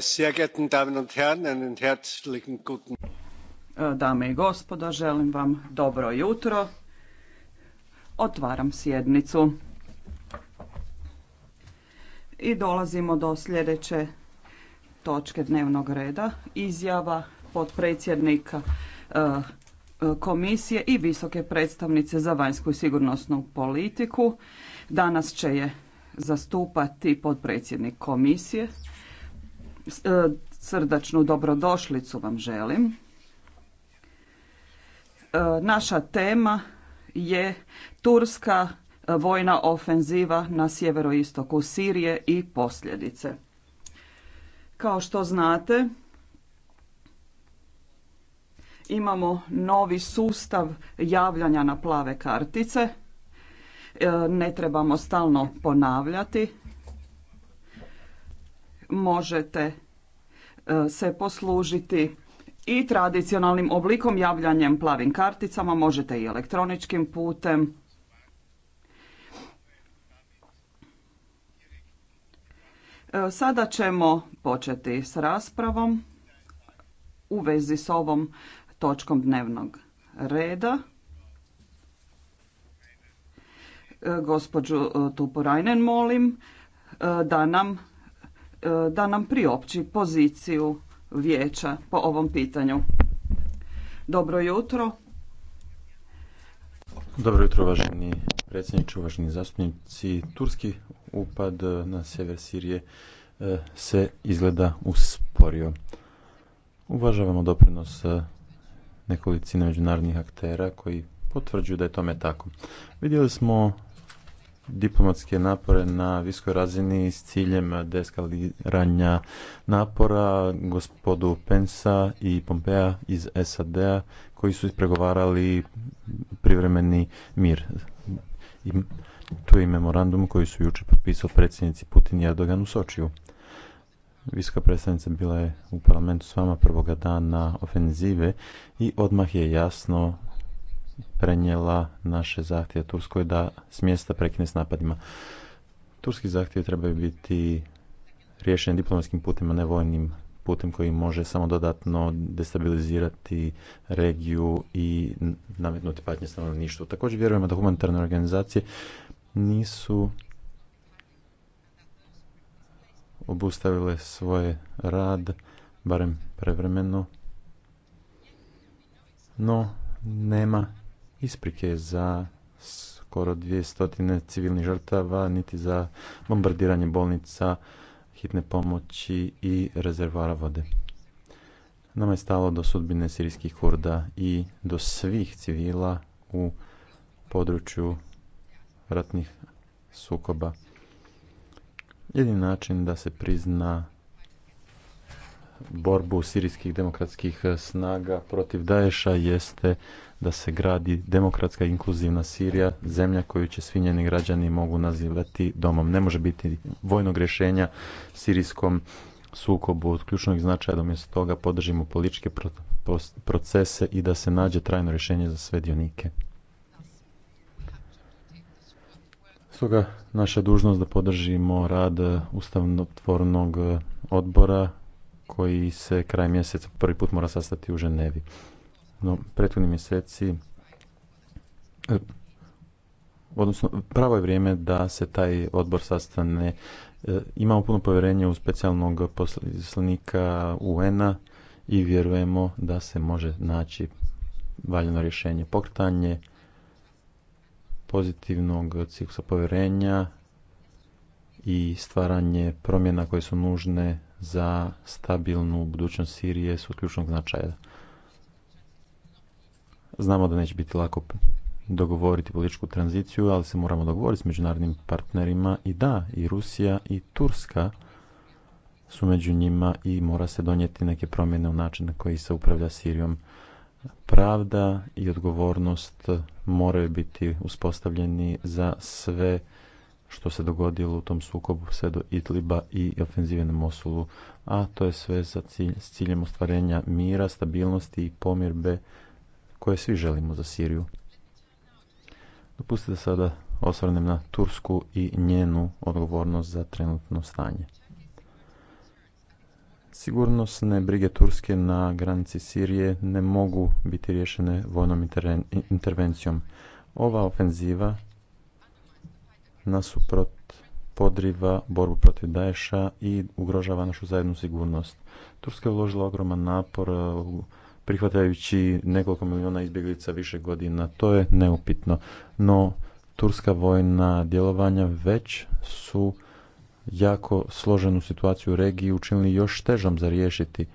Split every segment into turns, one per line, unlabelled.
sehr
e, Dame i gospodo, želim vam dobro jutro. Otvaram sjednicu. I dolazimo do sljedeće točke dnevnog reda. Izjava potpredsjednika e, komisije i visoke predstavnice za vanjsku i sigurnosnu politiku. Danas će je zastupati potpredsjednik komisije E, srdačnu dobrodošlicu vam želim. E, naša tema je Turska e, vojna ofenziva na sjeveroistoku Sirije i posljedice. Kao što znate, imamo novi sustav javljanja na plave kartice. Ne trebamo stalno ponavljati možete e, se poslužiti i tradicionalnim oblikom javljanjem plavim karticama, možete i elektroničkim putem. E, sada ćemo početi s raspravom u vezi s ovom točkom dnevnog reda. E, gospođu Tupurajnen molim da nam E, da nam priopći poziciju vijeća po ovom pitanju. Dobro jutro.
Dobro jutro, uvaženi predsjedniče, uvaženi zastupnici. Turski upad na sjever Sirije e, se izgleda usporio. Uvažavamo doprinos e, nekolicine međunarodnih aktera koji potvrđuju da je tome tako. Vidjeli smo diplomatske napore na viskoj razini s ciljem deskaliranja napora gospodu Pensa i Pompea iz SAD-a koji su ispregovarali privremeni mir. I tu je i memorandum koji su jučer potpisali predsjednici Putin i Erdogan u Sočiju. Viska predstavnica bila je u parlamentu s vama prvoga dana ofenzive i odmah je jasno prenijela naše zahtjeve Turskoj da smjesta prekine s napadima. Turski zahtjevi trebaju biti riješeni diplomatskim putem, a ne vojnim putem koji može samo dodatno destabilizirati regiju i nametnuti patnje stanovništvu. Također vjerujemo da humanitarne organizacije nisu obustavile svoj rad, barem prevremeno, no nema isprike za skoro 200 civilnih žrtava, niti za bombardiranje bolnica, hitne pomoći i rezervara vode. Nama je stalo do sudbine sirijskih kurda i do svih civila u području ratnih sukoba. Jedini način da se prizna borbu sirijskih demokratskih snaga protiv daješa jeste da se gradi demokratska inkluzivna Sirija, zemlja koju će svi njeni građani mogu nazivati domom. Ne može biti vojnog rješenja sirijskom sukobu od ključnog značaja da umjesto toga podržimo političke procese i da se nađe trajno rješenje za sve dionike. Stoga naša dužnost da podržimo rad ustavnotvornog odbora koji se kraj mjeseca prvi put mora sastati u Ženevi no, prethodni mjeseci e, odnosno pravo je vrijeme da se taj odbor sastane. E, imamo puno povjerenje u specijalnog poslanika UN-a i vjerujemo da se može naći valjano rješenje pokretanje pozitivnog ciklusa povjerenja i stvaranje promjena koje su nužne za stabilnu budućnost Sirije su ključnog značaja. Znamo da neće biti lako dogovoriti političku tranziciju, ali se moramo dogovoriti s međunarodnim partnerima i da, i Rusija i Turska su među njima i mora se donijeti neke promjene u način na koji se upravlja Sirijom. Pravda i odgovornost moraju biti uspostavljeni za sve što se dogodilo u tom sukobu sve do Itliba i ofenzive na Mosulu, a to je sve sa cilj, s ciljem ostvarenja mira, stabilnosti i pomirbe koje svi želimo za Siriju. Dopustite sada osvrnem na Tursku i njenu odgovornost za trenutno stanje. Sigurnosne brige Turske na granici Sirije ne mogu biti riješene vojnom intervencijom. Ova ofenziva nasuprot podriva borbu protiv Daesha i ugrožava našu zajednu sigurnost. Turska je uložila ogroman napor u prihvatajući nekoliko milijuna izbjeglica više godina. To je neupitno. No, turska vojna djelovanja već su jako složenu situaciju u regiji učinili još težom za riješiti.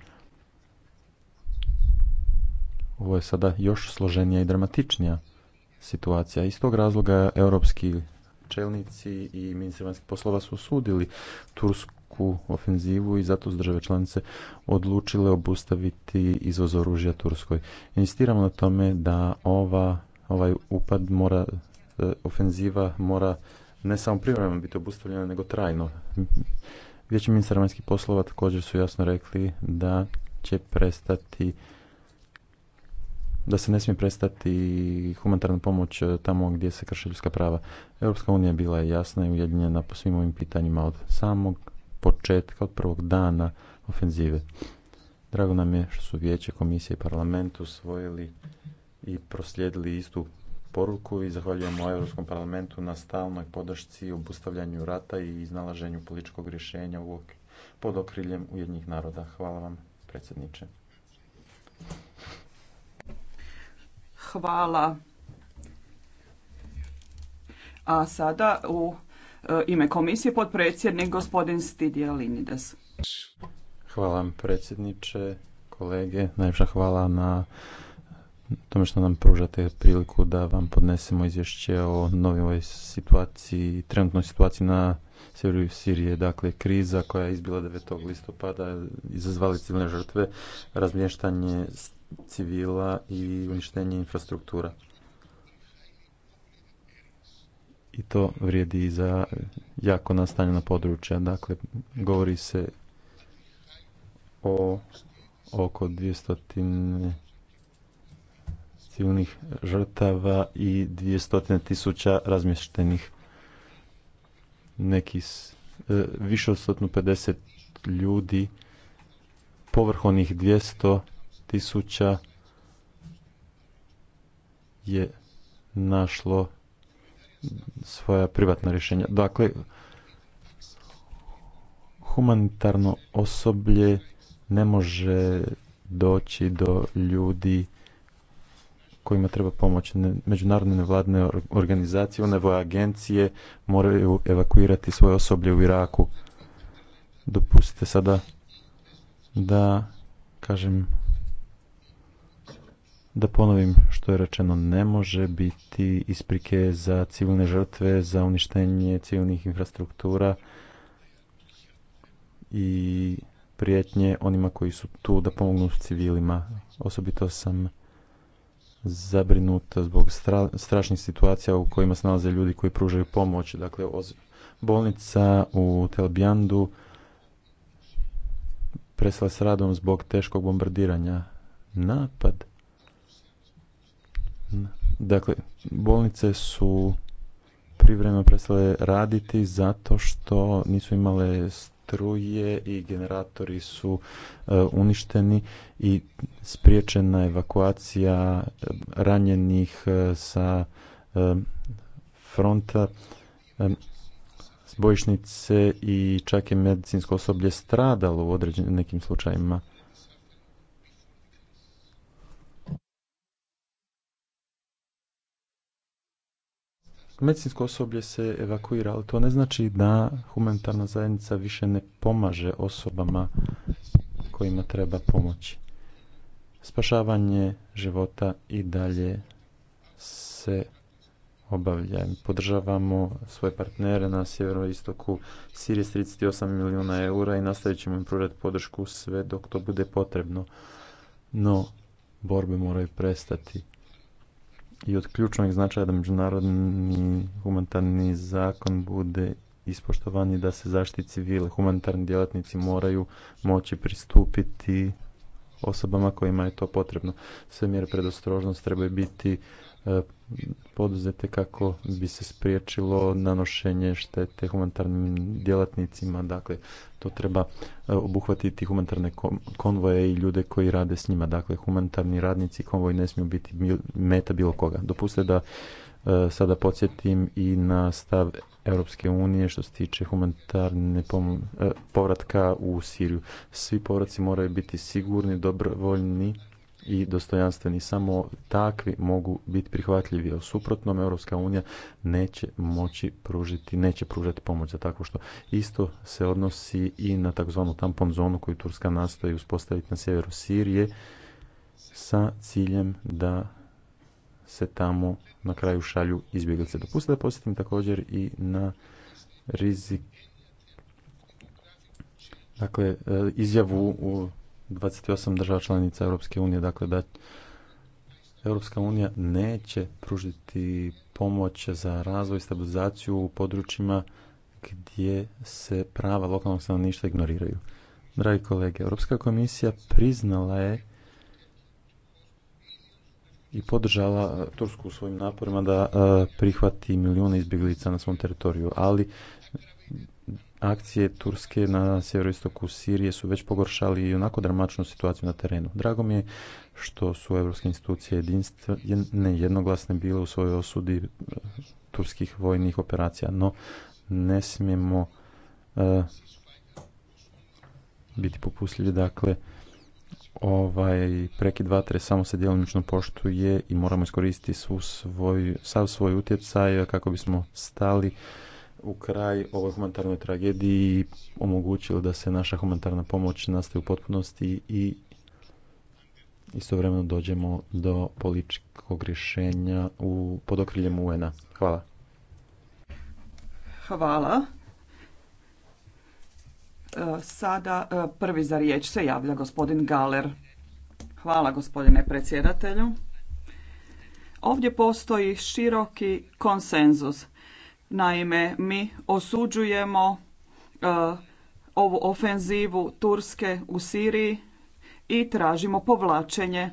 Ovo je sada još složenija i dramatičnija situacija. Iz tog razloga europski čelnici i ministri vanjskih poslova su osudili tursku veliku ofenzivu i zato su države članice odlučile obustaviti izvoz oružja Turskoj. Insistiramo na tome da ova, ovaj upad mora, e, ofenziva mora ne samo privremeno biti obustavljena, nego trajno. Vijeće ministar vanjskih poslova također su jasno rekli da će prestati da se ne smije prestati humanitarna pomoć e, tamo gdje se krše ljudska prava. Europska unija bila je jasna i ujedinjena po svim ovim pitanjima od samog početka, od prvog dana ofenzive. Drago nam je što su vijeće, komisije i parlament usvojili i proslijedili istu poruku i zahvaljujemo Europskom parlamentu na stalnoj podršci obustavljanju rata i iznalaženju političkog rješenja pod okriljem ujednjih naroda. Hvala vam, predsjedniče.
Hvala. A sada u E, ime komisije potpredsjednik gospodin Stidija Linides.
Hvala vam predsjedniče, kolege, najviše hvala na tome što nam pružate priliku da vam podnesemo izvješće o novoj situaciji, trenutnoj situaciji na sjeveru Sirije, dakle kriza koja je izbila 9. listopada, izazvali civilne žrtve, razmještanje civila i uništenje infrastruktura i to vrijedi i za jako nastanjena područja. Dakle, govori se o oko 200 civilnih žrtava i 200 tisuća razmještenih. Neki, e, više od 150 ljudi, povrh onih 200 tisuća je našlo svoja privatna rješenja. Dakle, humanitarno osoblje ne može doći do ljudi kojima treba pomoć. Međunarodne nevladne organizacije, voje agencije moraju evakuirati svoje osoblje u Iraku. Dopustite sada da kažem da ponovim što je rečeno, ne može biti isprike za civilne žrtve, za uništenje civilnih infrastruktura i prijetnje onima koji su tu da pomognu civilima. Osobito sam zabrinut zbog strašnih situacija u kojima se nalaze ljudi koji pružaju pomoć. Dakle, bolnica u Telbjandu presla s radom zbog teškog bombardiranja. Napad Dakle, bolnice su privremeno prestale raditi zato što nisu imale struje i generatori su e, uništeni i spriječena evakuacija e, ranjenih e, sa fronta bojišnice i čak je medicinsko osoblje stradalo u određenim nekim slučajevima medicinsko osoblje se evakuira, to ne znači da humanitarna zajednica više ne pomaže osobama kojima treba pomoći. Spašavanje života i dalje se obavlja. Podržavamo svoje partnere na sjeveroistoku Sirije s 38 milijuna eura i nastavit ćemo im pružati podršku sve dok to bude potrebno. No, borbe moraju prestati i od ključnog značaja da međunarodni humanitarni zakon bude ispoštovani da se zaštiti civile. Humanitarni djelatnici moraju moći pristupiti osobama kojima je to potrebno. Sve mjere predostrožnosti trebaju biti E, poduzete kako bi se spriječilo nanošenje štete humanitarnim djelatnicima. Dakle, to treba e, obuhvatiti humanitarne konvoje i ljude koji rade s njima. Dakle, humanitarni radnici konvoj ne smiju biti meta bilo koga. Dopustite da e, sada podsjetim i na stav Europske unije što se tiče humanitarne povratka u Siriju. Svi povratci moraju biti sigurni, dobrovoljni i dostojanstveni. Samo takvi mogu biti prihvatljivi. U suprotnom, Europska unija neće moći pružiti, neće pružati pomoć za takvo što. Isto se odnosi i na takozvanu tampon zonu koju Turska nastoji uspostaviti na sjeveru Sirije sa ciljem da se tamo na kraju šalju izbjeglice. Dopustite da posjetim također i na rizik Dakle, e, izjavu 28 država članica Europske unije, dakle da Europska unija neće pružiti pomoć za razvoj i stabilizaciju u područjima gdje se prava lokalnog stanovništva ignoriraju. Dragi kolege, Europska komisija priznala je i podržala Tursku u svojim naporima da eh, prihvati milijune izbjeglica na svom teritoriju, ali akcije Turske na sjeveroistoku Sirije su već pogoršali i onako dramatičnu situaciju na terenu. Drago mi je što su evropske institucije jedinstvene, jednoglasne bile u svojoj osudi eh, turskih vojnih operacija, no ne smijemo eh, biti popustljivi. Dakle, ovaj prekid vatre samo se djelomično poštuje i moramo iskoristiti svu svoj, sav svoj utjecaj kako bismo stali u kraj ovoj humanitarnoj tragediji omogućilo da se naša humanitarna pomoć nastavi u potpunosti i istovremeno dođemo do političkog rješenja u, pod okriljem UN-a. Hvala.
Hvala. E, sada e, prvi za riječ se javlja gospodin Galer. Hvala gospodine predsjedatelju. Ovdje postoji široki konsenzus Naime, mi osuđujemo e, ovu ofenzivu Turske u Siriji i tražimo povlačenje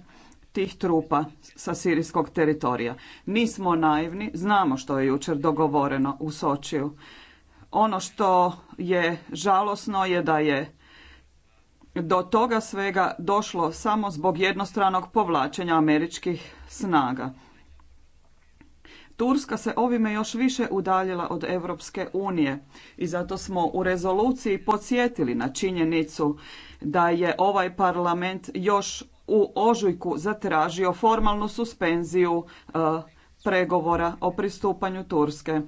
tih trupa sa sirijskog teritorija. Nismo naivni, znamo što je jučer dogovoreno u Sočiju. Ono što je žalosno je da je do toga svega došlo samo zbog jednostranog povlačenja američkih snaga. Turska se ovime još više udaljila od Europske unije i zato smo u rezoluciji podsjetili na činjenicu da je ovaj parlament još u ožujku zatražio formalnu suspenziju e, pregovora o pristupanju Turske.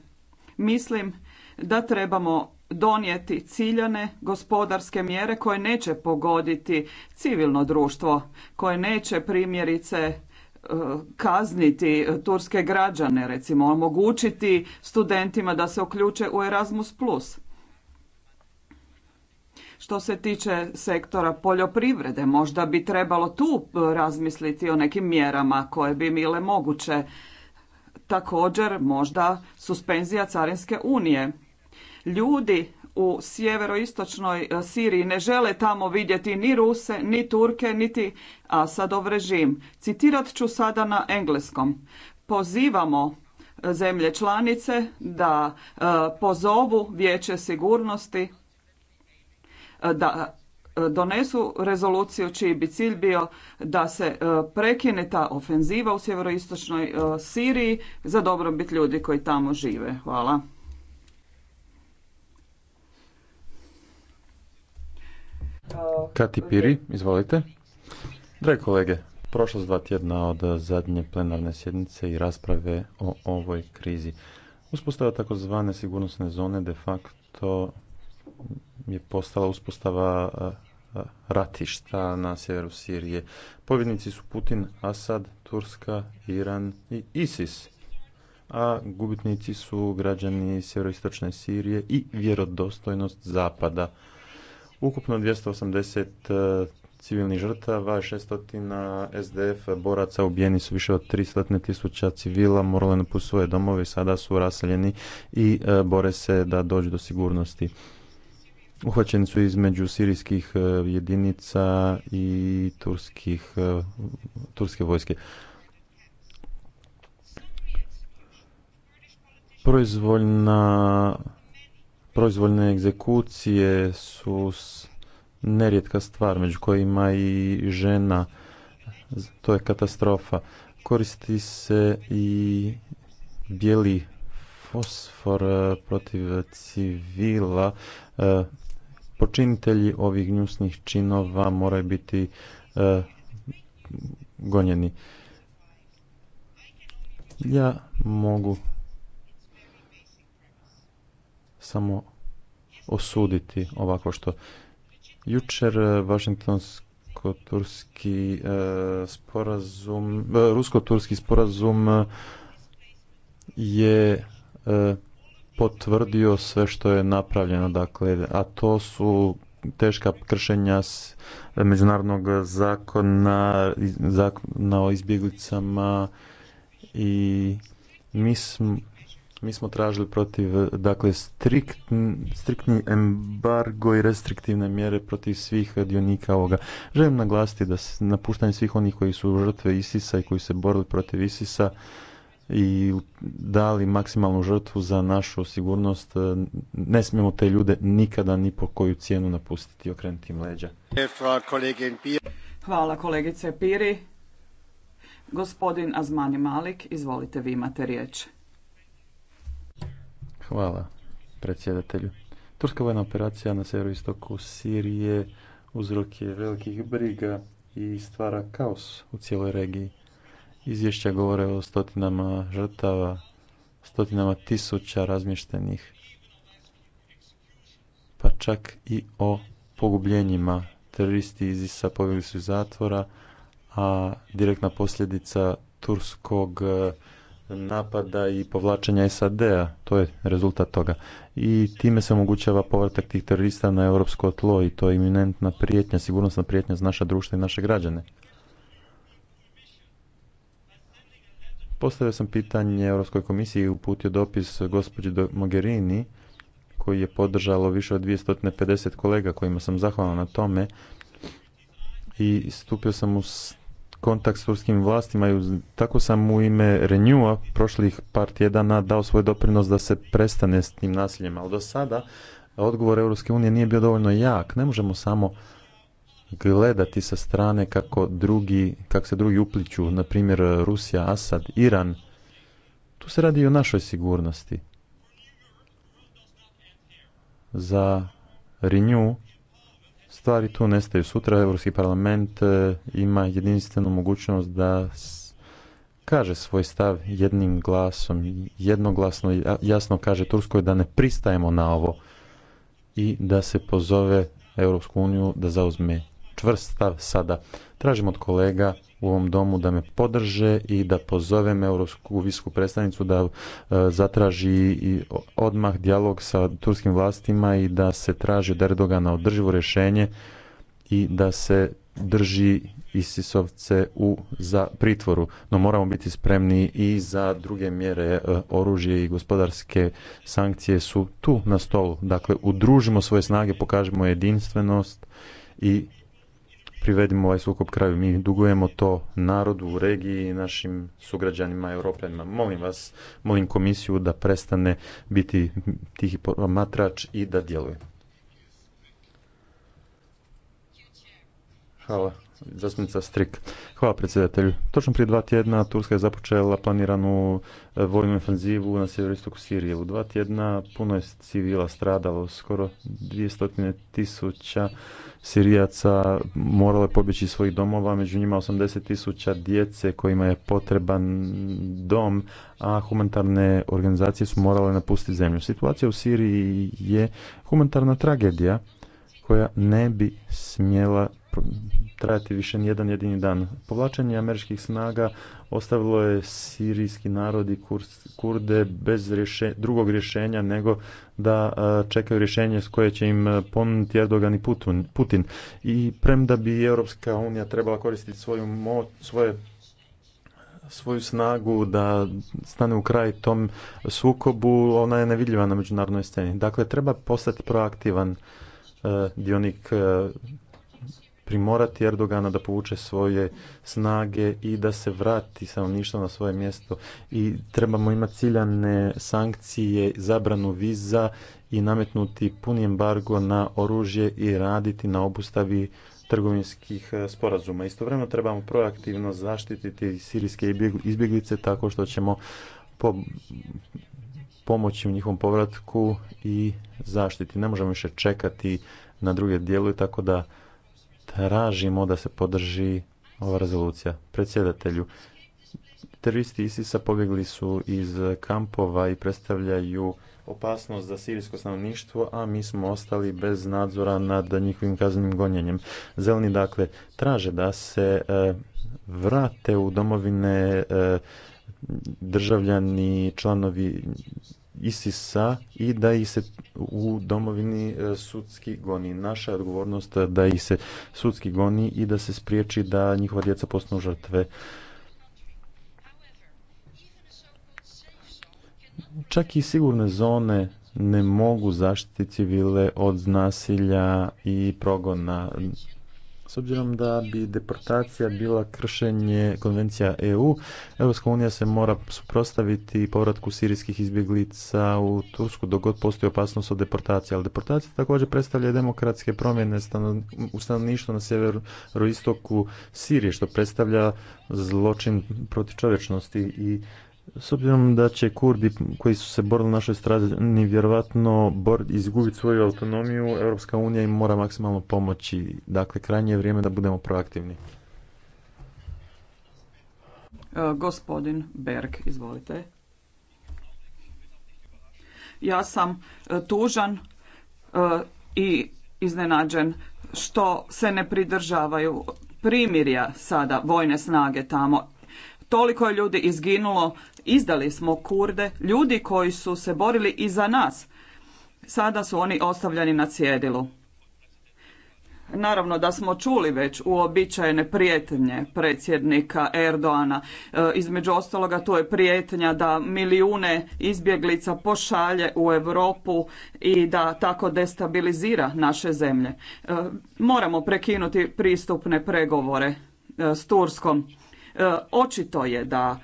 Mislim da trebamo donijeti ciljane gospodarske mjere koje neće pogoditi civilno društvo, koje neće primjerice kazniti turske građane, recimo omogućiti studentima da se uključe u Erasmus+. Što se tiče sektora poljoprivrede, možda bi trebalo tu razmisliti o nekim mjerama koje bi bile moguće. Također možda suspenzija carinske unije. Ljudi u sjeveroistočnoj e, Siriji ne žele tamo vidjeti ni Ruse, ni Turke, niti Asadov režim. Citirat ću sada na engleskom. Pozivamo e, zemlje članice da e, pozovu vijeće sigurnosti da donesu rezoluciju čiji bi cilj bio da se prekine ta ofenziva u sjeveroistočnoj Siriji za dobrobit ljudi koji tamo žive. Hvala.
Kati Piri, izvolite. Drage kolege, prošlo dva tjedna od zadnje plenarne sjednice i rasprave o ovoj krizi. Uspostava takozvane sigurnosne zone de facto je postala uspostava ratišta na sjeveru Sirije. Pobjednici su Putin, Asad, Turska, Iran i ISIS. A gubitnici su građani sjeveroistočne Sirije i vjerodostojnost Zapada Ukupno 280 e, civilnih žrtava, 600 SDF boraca ubijeni su više od 300 tisuća civila, morali napustiti svoje domove sada su raseljeni i e, bore se da dođu do sigurnosti. Uhvaćeni su između sirijskih e, jedinica i turskih, turske vojske. Proizvoljna proizvoljne egzekucije su nerijetka stvar, među kojima i žena. To je katastrofa. Koristi se i bijeli fosfor e, protiv civila. E, počinitelji ovih gnjusnih činova moraju biti e, gonjeni. Ja mogu samo osuditi ovako što jučer Washingtonsko-turski e, e, sporazum, e, rusko-turski sporazum je potvrdio sve što je napravljeno, dakle, a to su teška kršenja s međunarodnog zakona, zakona o izbjeglicama i mi smo mi smo tražili protiv, dakle, striktni embargo i restriktivne mjere protiv svih dionika ovoga. Želim naglasiti da napuštanje svih onih koji su žrtve Isisa i koji se borili protiv Isisa i dali maksimalnu žrtvu za našu sigurnost, ne smijemo te ljude nikada ni po koju cijenu napustiti i okrenuti im leđa.
Hvala kolegice Piri. Gospodin Azmani Malik, izvolite vi imate riječ.
Hvala predsjedatelju. Turska vojna operacija na istoku Sirije uzrok je velikih briga i stvara kaos u cijeloj regiji. Izvješća govore o stotinama žrtava, stotinama tisuća razmještenih, pa čak i o pogubljenjima. Teroristi iz ISA pobjegli su iz zatvora, a direktna posljedica turskog napada i povlačenja SAD-a. To je rezultat toga. I time se omogućava povratak tih terorista na europsko tlo i to je iminentna prijetnja, sigurnosna prijetnja za naša društva i naše građane. Postavio sam pitanje Europskoj komisiji i uputio dopis gospođi Mogherini koji je podržalo više od 250 kolega kojima sam zahvalan na tome i stupio sam u kontakt s turskim vlastima i tako sam u ime Renewa prošlih par tjedana dao svoj doprinos da se prestane s tim nasiljem, ali do sada odgovor Europske unije nije bio dovoljno jak. Ne možemo samo gledati sa strane kako drugi, kako se drugi upliču. na primjer Rusija, Asad, Iran. Tu se radi i o našoj sigurnosti. Za Renew stvari tu nestaju. Sutra Europski parlament e, ima jedinstvenu mogućnost da kaže svoj stav jednim glasom, jednoglasno jasno kaže Turskoj da ne pristajemo na ovo i da se pozove Europsku uniju da zauzme čvrst stav sada. Tražimo od kolega u ovom domu da me podrže i da pozovem Europsku visku predstavnicu da e, zatraži i odmah dijalog sa turskim vlastima i da se traži od Erdogana održivo rješenje i da se drži isisovce u za pritvoru no moramo biti spremni i za druge mjere e, oružje i gospodarske sankcije su tu na stolu dakle udružimo svoje snage pokažemo jedinstvenost i privedimo ovaj sukob kraju. Mi dugujemo to narodu u regiji i našim sugrađanima, europljanima. Molim vas, molim komisiju da prestane biti tihi matrač i da djeluje. Hvala, Zastupnica Strik. Hvala predsjedatelju. Točno prije dva tjedna Turska je započela planiranu e, vojnu ofenzivu na sjeveristoku Sirije. U dva tjedna puno je civila stradalo, skoro 200 tisuća Sirijaca moralo je pobjeći iz svojih domova, među njima 80 tisuća djece kojima je potreban dom, a humanitarne organizacije su morale napustiti zemlju. Situacija u Siriji je humanitarna tragedija koja ne bi smjela trajati više nijedan jedini dan. Povlačenje američkih snaga ostavilo je sirijski narod i kurde bez rješe, drugog rješenja nego da čekaju rješenje s koje će im ponuditi Erdogan i Putin. I premda bi Europska unija trebala koristiti svoju svoje svoju snagu da stane u kraj tom sukobu, ona je nevidljiva na međunarodnoj sceni. Dakle, treba postati proaktivan dionik primorati Erdogana da povuče svoje snage i da se vrati stanovništvo na svoje mjesto. I trebamo imati ciljane sankcije, zabranu viza i nametnuti puni embargo na oružje i raditi na obustavi trgovinskih e, sporazuma. Istovremeno trebamo proaktivno zaštititi sirijske izbjeglice tako što ćemo pomoći u njihovom povratku i zaštiti. Ne možemo više čekati na druge dijelove, tako da tražimo da se podrži ova rezolucija. Predsjedatelju, teroristi ISIS-a pobjegli su iz kampova i predstavljaju opasnost za sirijsko stanovništvo, a mi smo ostali bez nadzora nad njihovim kaznenim gonjenjem. Zeleni dakle traže da se e, vrate u domovine e, državljani, članovi ISIS-a i da ih se u domovini e, sudski goni. Naša je odgovornost da ih se sudski goni i da se spriječi da njihova djeca postanu žrtve. Čak i sigurne zone ne mogu zaštiti civile od nasilja i progona. S obzirom da bi deportacija bila kršenje konvencija EU, Europska unija se mora suprotstaviti povratku sirijskih izbjeglica u Tursku dok god postoji opasnost od deportacije. Ali deportacija također predstavlja demokratske promjene u stanovništvu na sjeveroistoku Sirije, što predstavlja zločin protiv čovječnosti i s obzirom da će Kurdi koji su se borili na našoj strani vjerovatno izgubiti svoju autonomiju, Europska unija im mora maksimalno pomoći. Dakle, krajnje je vrijeme da budemo proaktivni.
E, gospodin Berg, izvolite. Ja sam e, tužan e, i iznenađen što se ne pridržavaju primirja sada vojne snage tamo. Toliko je ljudi izginulo, izdali smo kurde, ljudi koji su se borili i za nas. Sada su oni ostavljeni na cjedilu. Naravno da smo čuli već uobičajene prijetnje predsjednika Erdoana. E, između ostaloga to je prijetnja da milijune izbjeglica pošalje u Europu i da tako destabilizira naše zemlje. E, moramo prekinuti pristupne pregovore e, s Turskom. Očito je da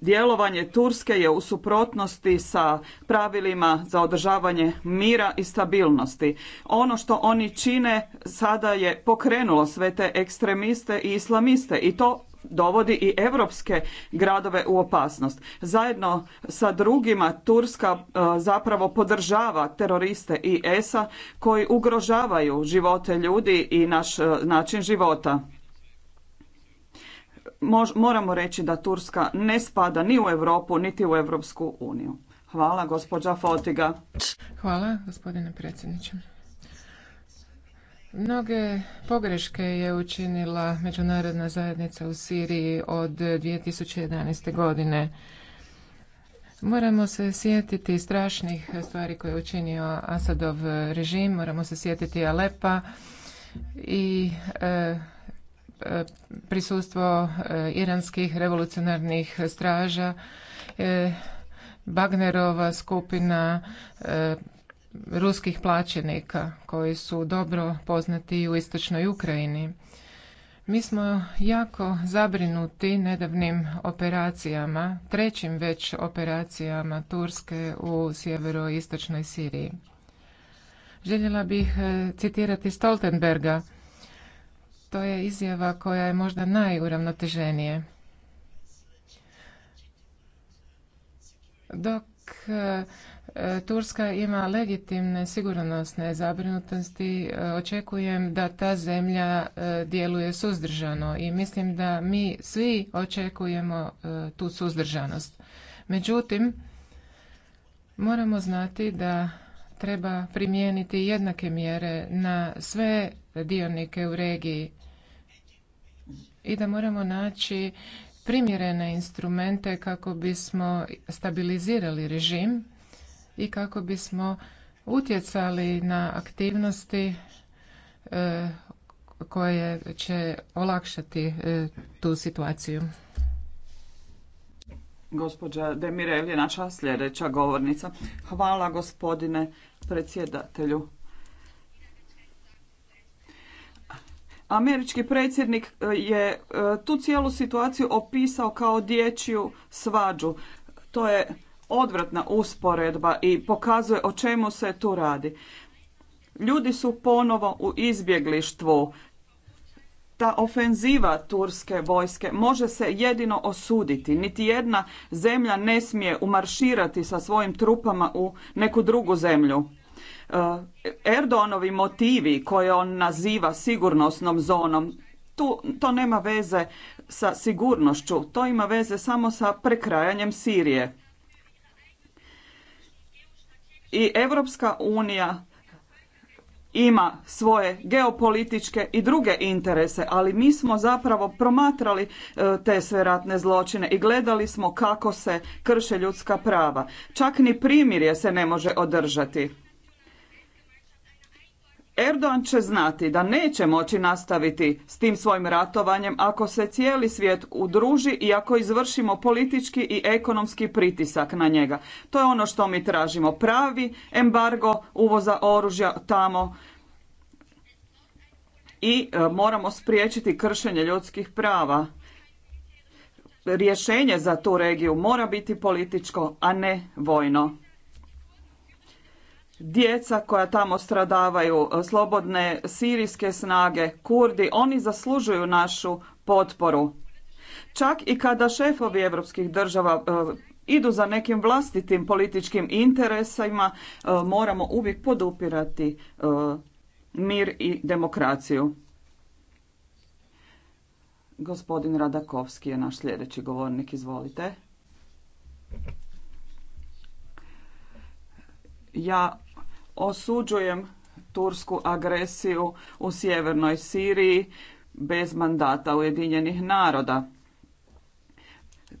Djelovanje Turske je u suprotnosti sa pravilima za održavanje mira i stabilnosti. Ono što oni čine sada je pokrenulo sve te ekstremiste i islamiste i to dovodi i europske gradove u opasnost. Zajedno sa drugima Turska e, zapravo podržava teroriste i ESA koji ugrožavaju živote ljudi i naš e, način života moramo reći da Turska ne spada ni u Europu niti u Europsku uniju. Hvala gospođa Fotiga.
Hvala gospodine predsjedniče. Mnoge pogreške je učinila međunarodna zajednica u Siriji od 2011. godine. Moramo se sjetiti strašnih stvari koje je učinio Asadov režim, moramo se sjetiti Alepa i e, E, prisustvo e, iranskih revolucionarnih straža, e, Bagnerova skupina ruskih plaćenika koji su dobro poznati u istočnoj Ukrajini. Mi smo jako zabrinuti nedavnim operacijama, trećim već operacijama Turske u sjeveroistočnoj Siriji. Željela bih citirati Stoltenberga to je izjava koja je možda najuravnoteženije. Dok e, Turska ima legitimne sigurnosne zabrinutosti, e, očekujem da ta zemlja e, djeluje suzdržano i mislim da mi svi očekujemo tu suzdržanost. Međutim, moramo znati da treba primijeniti jednake mjere na sve dionike u regiji i da moramo naći primjerene instrumente kako bismo stabilizirali režim i kako bismo utjecali na aktivnosti e, koje će olakšati e, tu situaciju.
Gospođa Demirel je naša sljedeća govornica. Hvala gospodine predsjedatelju. Američki predsjednik e, je e, tu cijelu situaciju opisao kao dječju svađu. To je odvratna usporedba i pokazuje o čemu se tu radi. Ljudi su ponovo u izbjeglištvu. Ta ofenziva turske vojske može se jedino osuditi. Niti jedna zemlja ne smije umarširati sa svojim trupama u neku drugu zemlju. Eh, Erdoanovi motivi koje on naziva sigurnosnom zonom, tu, to nema veze sa sigurnošću, to ima veze samo sa prekrajanjem Sirije. I Evropska unija ima svoje geopolitičke i druge interese, ali mi smo zapravo promatrali eh, te sve ratne zločine i gledali smo kako se krše ljudska prava. Čak ni primirje se ne može održati. Erdogan će znati da neće moći nastaviti s tim svojim ratovanjem ako se cijeli svijet udruži i ako izvršimo politički i ekonomski pritisak na njega. To je ono što mi tražimo. Pravi embargo uvoza oružja tamo i e, moramo spriječiti kršenje ljudskih prava. Rješenje za tu regiju mora biti političko, a ne vojno djeca koja tamo stradavaju, slobodne sirijske snage, kurdi, oni zaslužuju našu potporu. Čak i kada šefovi europskih država e, idu za nekim vlastitim političkim interesima, e, moramo uvijek podupirati e, mir i demokraciju. Gospodin Radakovski je naš sljedeći govornik, izvolite. Ja Osuđujem tursku agresiju u sjevernoj Siriji bez mandata Ujedinjenih naroda.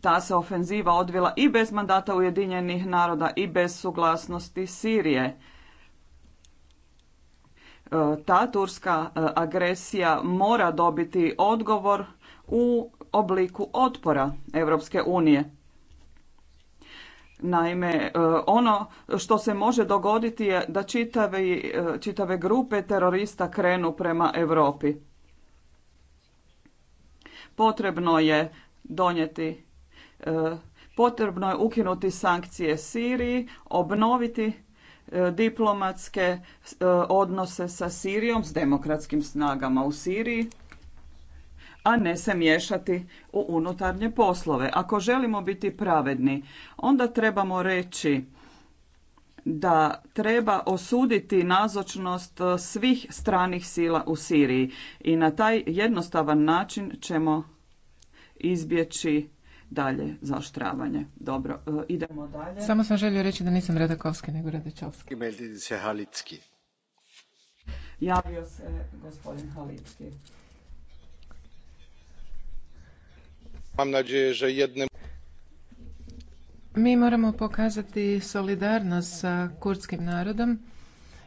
Ta se ofenziva odvila i bez mandata Ujedinjenih naroda i bez suglasnosti Sirije. E, ta turska e, agresija mora dobiti odgovor u obliku otpora Europske unije. Naime, e, ono što se može dogoditi je da čitave, e, čitave grupe terorista krenu prema Europi. Potrebno je donijeti, e, potrebno je ukinuti sankcije Siriji, obnoviti diplomatske odnose sa Sirijom, s demokratskim snagama u Siriji a ne se miješati u unutarnje poslove. Ako želimo biti pravedni, onda trebamo reći da treba osuditi nazočnost e, svih stranih sila u Siriji i na taj jednostavan način ćemo izbjeći dalje zaoštravanje. Dobro, e, idemo
dalje. Samo sam želio reći da nisam redakovski, nego Radačovski. Javio se gospodin Halicki.
Mam nadzieję, że jednym...
Mi moramo pokazati solidarnost sa kurdskim narodom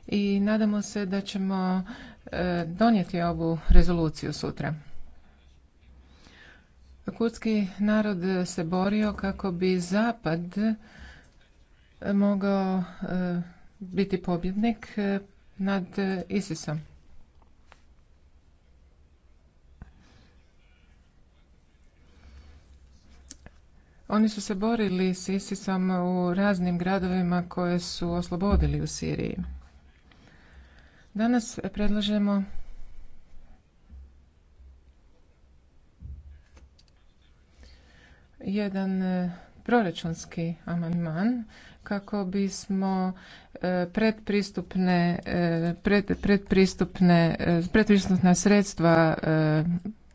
i nadamo se da ćemo e, donijeti ovu rezoluciju sutra. Kurdski narod se borio kako bi Zapad mogao e, biti pobjednik e, nad ISISom. Oni su se borili s ISISom u raznim gradovima koje su oslobodili u Siriji. Danas predlažemo jedan e, proračunski amandman kako bismo e, predpristupne e, sredstva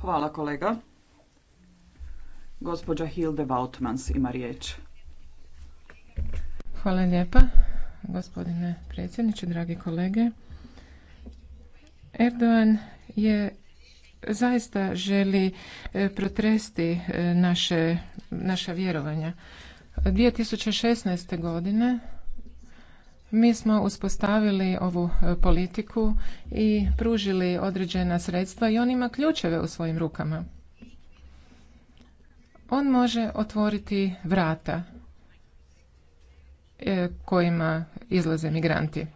Hvala kolega.
Gospođa Hilde Vautmans ima riječ.
Hvala lijepa, gospodine predsjedniče, dragi kolege. Erdogan je zaista želi e, protresti e, naše, naša vjerovanja. 2016. godine mi smo uspostavili ovu e, politiku i pružili određena sredstva i on ima ključeve u svojim rukama. On može otvoriti vrata e, kojima izlaze migranti.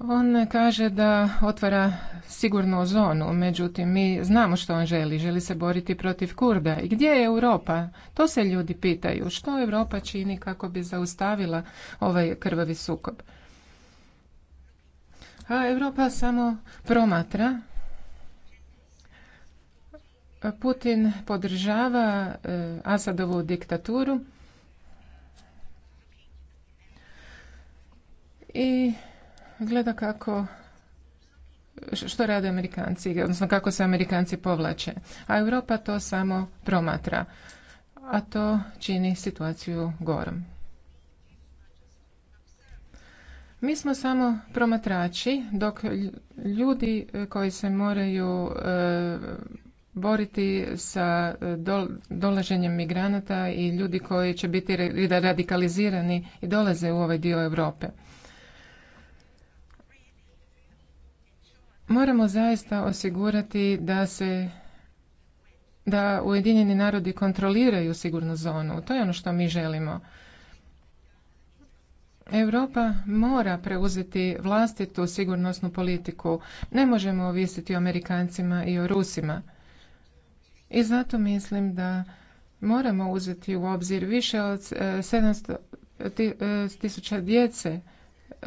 On kaže da otvara sigurnu zonu, međutim mi znamo što on želi, želi se boriti protiv Kurda. I gdje je Europa? To se ljudi pitaju. Što Europa čini kako bi zaustavila ovaj krvavi sukob? A Europa samo promatra. Putin podržava eh, Asadovu diktaturu i gleda kako što rade Amerikanci, odnosno kako se Amerikanci povlače. A Europa to samo promatra, a to čini situaciju gorom. Mi smo samo promatrači, dok ljudi e, koji se moraju e, boriti sa e, dolaženjem migranata i ljudi koji će biti radikalizirani i dolaze u ovaj dio Europe. Moramo zaista osigurati da se da Ujedinjeni narodi kontroliraju sigurnu zonu. To je ono što mi želimo. Europa mora preuzeti vlastitu sigurnosnu politiku. Ne možemo ovisiti o Amerikancima i o Rusima. I zato mislim da moramo uzeti u obzir više od 700 eh, eh, tisuća djece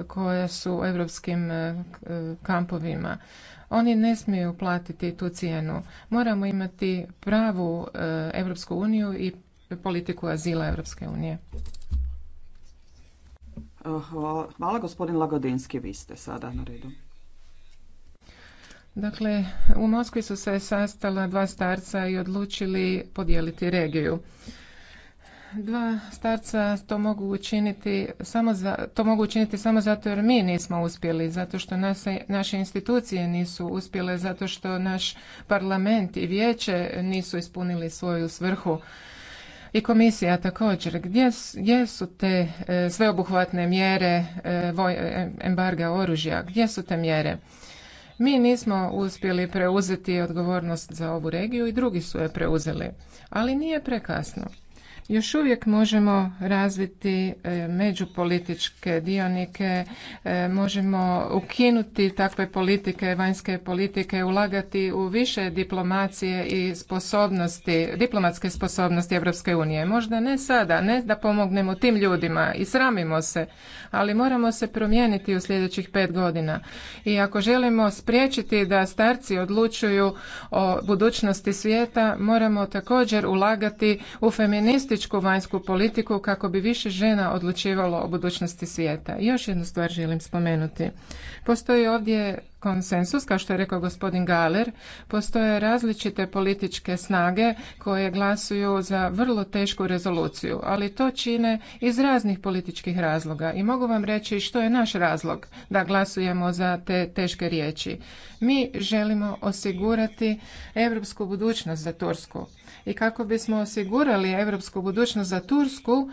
koja su u europskim e, kampovima. Oni ne smiju platiti tu cijenu. Moramo imati pravu e, Evropsku uniju i politiku azila Evropske unije.
Hvala, hvala gospodin Lagodinski, vi ste sada na redu.
Dakle, u Moskvi su se sastala dva starca i odlučili podijeliti regiju dva starca to mogu učiniti samo za, to mogu učiniti samo zato jer mi nismo uspjeli, zato što naše institucije nisu uspjele, zato što naš parlament i vijeće nisu ispunili svoju svrhu. I komisija također. Gdje, gdje su te e, sveobuhvatne mjere e, voj, e, embarga oružja? Gdje su te mjere? Mi nismo uspjeli preuzeti odgovornost za ovu regiju i drugi su je preuzeli, ali nije prekasno još uvijek možemo razviti e, međupolitičke dionike, e, možemo ukinuti takve politike, vanjske politike, ulagati u više diplomacije i sposobnosti, diplomatske sposobnosti Europske unije. Možda ne sada, ne da pomognemo tim ljudima i sramimo se, ali moramo se promijeniti u sljedećih pet godina. I ako želimo spriječiti da starci odlučuju o budućnosti svijeta, moramo također ulagati u feminističku vanjsku politiku kako bi više žena odlučivalo o budućnosti svijeta. još jednu stvar želim spomenuti. Postoji ovdje konsensus, kao što je rekao gospodin Galer, postoje različite političke snage koje glasuju za vrlo tešku rezoluciju, ali to čine iz raznih političkih razloga i mogu vam reći što je naš razlog da glasujemo za te teške riječi. Mi želimo osigurati europsku budućnost za Tursku i kako bismo osigurali europsku budućnost za Tursku,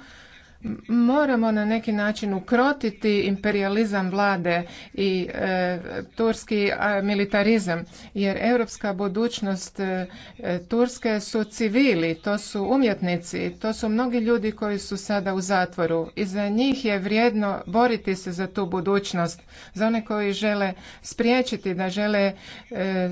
moramo na neki način ukrotiti imperializam vlade i e, turski militarizam jer europska budućnost e, turske su civili to su umjetnici to su mnogi ljudi koji su sada u zatvoru i za njih je vrijedno boriti se za tu budućnost za one koji žele spriječiti da žele e,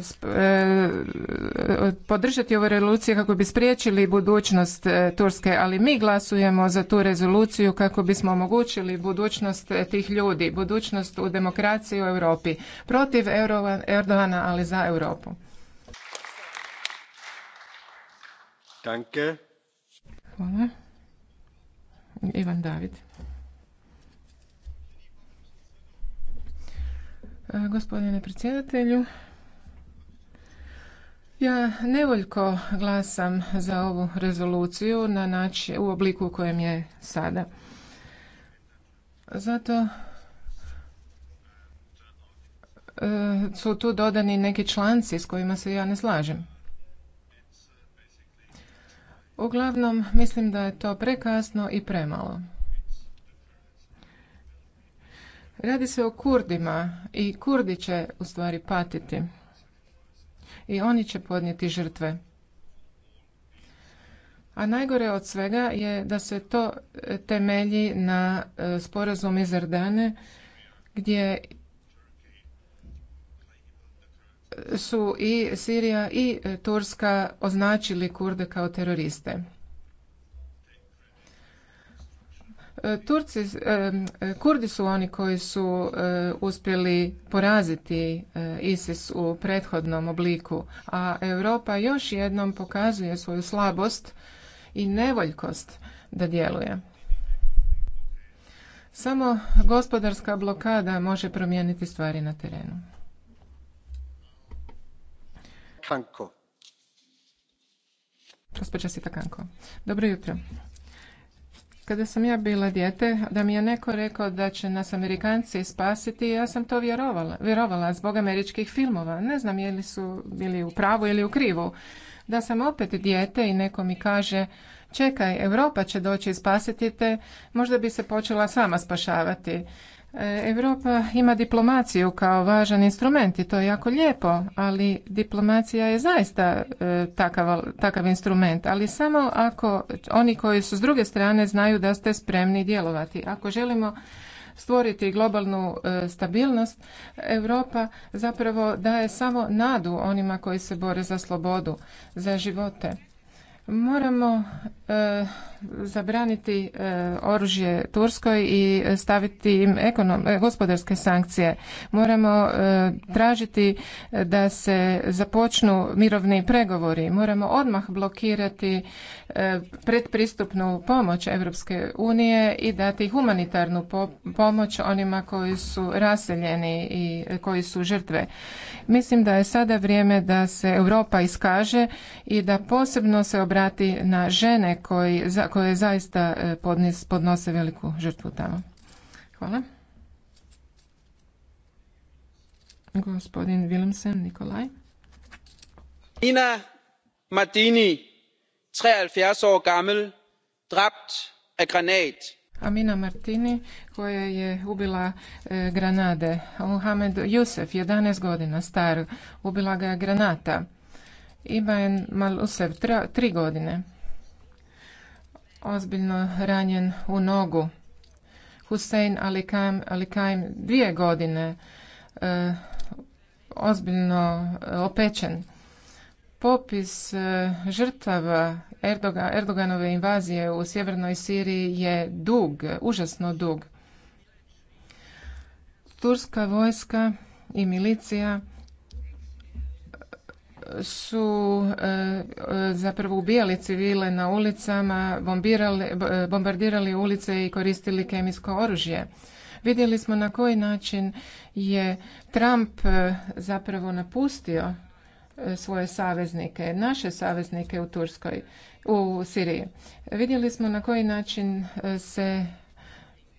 podržati ovu revoluciju kako bi spriječili budućnost turske ali mi glasujemo za tu rezoluciju rezoluciju kako bismo omogućili budućnost eh, tih ljudi, budućnost u demokraciji u Europi, protiv Erdogana, ali za Europu. Danke. Ivan David. Eh, gospodine predsjedatelju, ja nevoljko glasam za ovu rezoluciju na način, u obliku u kojem je sada. Zato e, su tu dodani neki članci s kojima se ja ne slažem. Uglavnom, mislim da je to prekasno i premalo. Radi se o Kurdima i Kurdi će u stvari patiti i oni će podnijeti žrtve. A najgore od svega je da se to e, temelji na e, sporazum iz Ardane gdje su i Sirija i Turska označili kurde kao teroriste. E, Turci, e, Kurdi su oni koji su e, uspjeli poraziti ISIS u prethodnom obliku, a Europa još jednom pokazuje svoju slabost i nevoljkost da djeluje. Samo gospodarska blokada može promijeniti stvari na terenu. Tanko. Dobro jutro. Kada sam ja bila dijete, da mi je neko rekao da će nas Amerikanci spasiti, ja sam to vjerovala, vjerovala zbog američkih filmova. Ne znam je li su bili u pravu ili u krivu. Da sam opet dijete i neko mi kaže čekaj, Europa će doći spasiti te, možda bi se počela sama spašavati. Europa ima diplomaciju kao važan instrument i to je jako lijepo, ali diplomacija je zaista e, takav, instrument, ali samo ako oni koji su s druge strane znaju da ste spremni djelovati. Ako želimo stvoriti globalnu e, stabilnost, Europa zapravo daje samo nadu onima koji se bore za slobodu, za živote. Moramo e, zabraniti e, oružje Turskoj i staviti im e, gospodarske sankcije. Moramo tražiti da se započnu mirovni pregovori. Moramo odmah blokirati predpristupnu pomoć Europske unije i dati humanitarnu pomoć onima koji su raseljeni i koji su žrtve. Mislim da je sada vrijeme da se Europa iskaže i da posebno se obra obrati na žene koji, za, koje zaista e, podnis, podnose veliku žrtvu tamo. Hvala. Gospodin Willemsen Nikolaj.
Ina Martini, 73 år gammel, drabt af granat.
Amina Martini koja je ubila e, granade. Mohamed Jusef, 11 godina star, ubila ga granata. Ivan Malusev, tri godine, ozbiljno ranjen u nogu. Hussein Alikaim, Alikaim dvije godine, eh, ozbiljno eh, opečen. Popis eh, žrtava Erdoganove invazije u sjevernoj Siriji je dug, užasno dug. Turska vojska i milicija su e, zapravo ubijali civile na ulicama, bombardirali ulice i koristili kemijsko oružje. Vidjeli smo na koji način je Trump e, zapravo napustio e, svoje saveznike, naše saveznike u Turskoj, u Siriji. Vidjeli smo na koji način se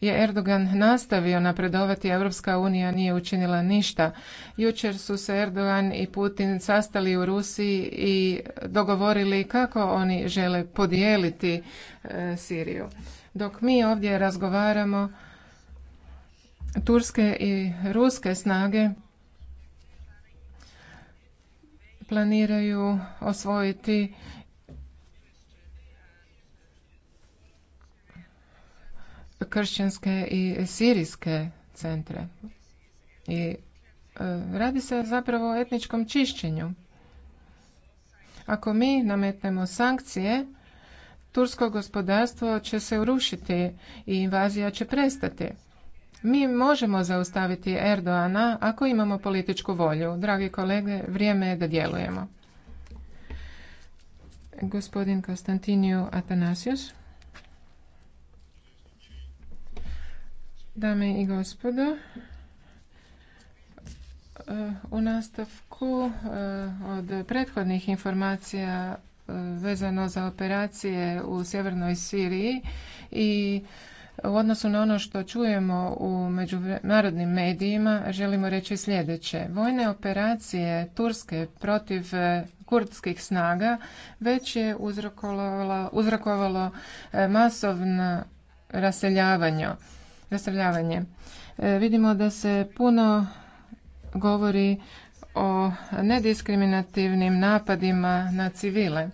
je Erdogan nastavio napredovati, Europska unija nije učinila ništa. Jučer su se Erdogan i Putin sastali u Rusiji i dogovorili kako oni žele podijeliti e, Siriju. Dok mi ovdje razgovaramo, turske i ruske snage planiraju osvojiti kršćanske i sirijske centre. I e, radi se zapravo o etničkom čišćenju. Ako mi nametnemo sankcije, tursko gospodarstvo će se urušiti i invazija će prestati. Mi možemo zaustaviti Erdoana ako imamo političku volju. Dragi kolege, vrijeme je da djelujemo. Gospodin Konstantiniju Atanasius. Dame i gospodo, eh, u nastavku eh, od prethodnih informacija eh, vezano za operacije u sjevernoj Siriji i u odnosu na ono što čujemo u međunarodnim medijima želimo reći sljedeće. Vojne operacije Turske protiv kurdskih snaga već je uzrokovalo masovno raseljavanje E, vidimo da se puno govori o nediskriminativnim napadima na civile.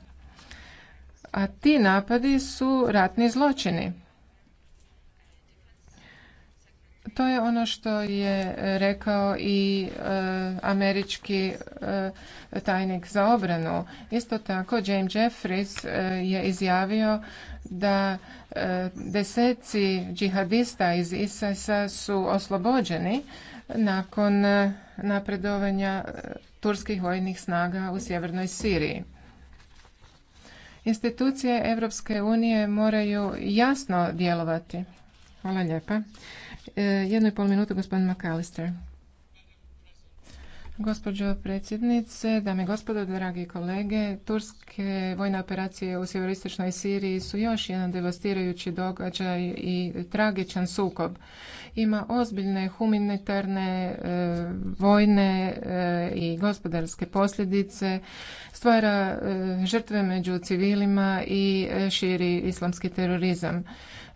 A ti napadi su ratni zločini. To je ono što je e, rekao i e, američki e, tajnik za obranu. Isto tako James Jeffries je izjavio da deseci džihadista iz ISIS-a su oslobođeni nakon napredovanja turskih vojnih snaga u sjevernoj Siriji. Institucije Europske unije moraju jasno djelovati. Hvala lijepa. E, Jednu i pol minutu, gospodin McAllister. Gospođo predsjednice, dame i gospodo, dragi kolege, turske vojne operacije u sjeveroistočnoj Siriji su još jedan devastirajući događaj i tragičan sukob. Ima ozbiljne humanitarne, e, vojne e, i gospodarske posljedice, stvara žrtve među civilima i širi islamski terorizam.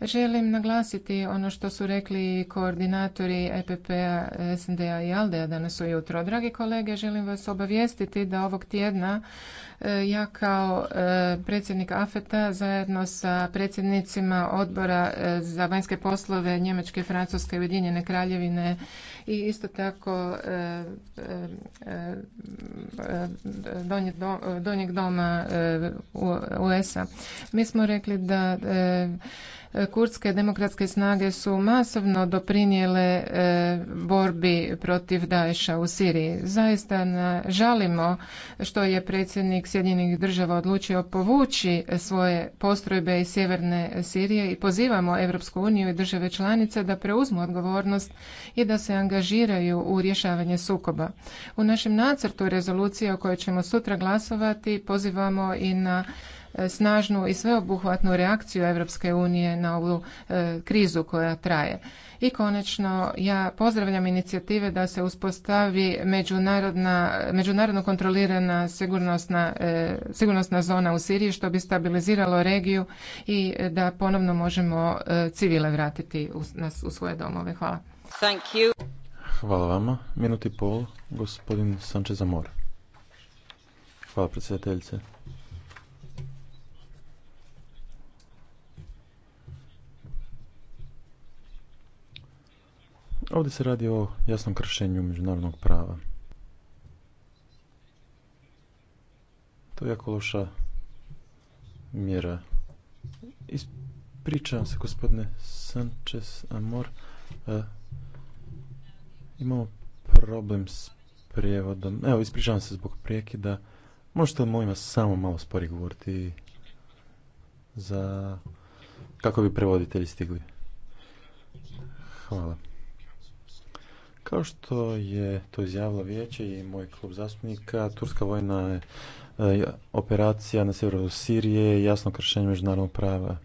Želim naglasiti ono što su rekli koordinatori EPP-a, SND-a i ALDE-a danas ujutro. Dragi kolege, želim vas obavijestiti da ovog tjedna e, ja kao e, predsjednik AFETA zajedno sa predsjednicima odbora e, za vanjske poslove Njemačke, Francuske i Ujedinjene kraljevine i isto tako donjeg doma USA. Mi smo rekli da Kurdske demokratske snage su masovno doprinijele e, borbi protiv Daesha u Siriji. Zaista žalimo što je predsjednik Sjedinjenih država odlučio povući svoje postrojbe iz sjeverne Sirije i pozivamo Europsku uniju i države članice da preuzmu odgovornost i da se angažiraju u rješavanje sukoba. U našem nacrtu rezolucije o kojoj ćemo sutra glasovati pozivamo i na snažnu i sveobuhvatnu reakciju Europske unije na ovu e, krizu koja traje. I konačno, ja pozdravljam inicijative da se uspostavi međunarodna, međunarodno kontrolirana sigurnosna, e, zona u Siriji što bi stabiliziralo regiju i da ponovno možemo e, civile vratiti u, u svoje domove. Hvala.
Hvala vama. Minuti pol, gospodin Sančez Amor. Hvala predsjedateljice. Ovdje se radi o jasnom kršenju međunarodnog prava. To je jako loša mjera. Ispričavam se, gospodine Sanchez Amor. E, imamo problem s prijevodom. Evo, ispričavam se zbog prijekida. Možete li molim vas samo malo spori govoriti za kako bi prevoditelji stigli? Hvala. Kao što je to izjavilo vijeće i moj klub zastupnika, turska vojna je operacija na sjeveru Sirije je jasno kršenje međunarodnog prava.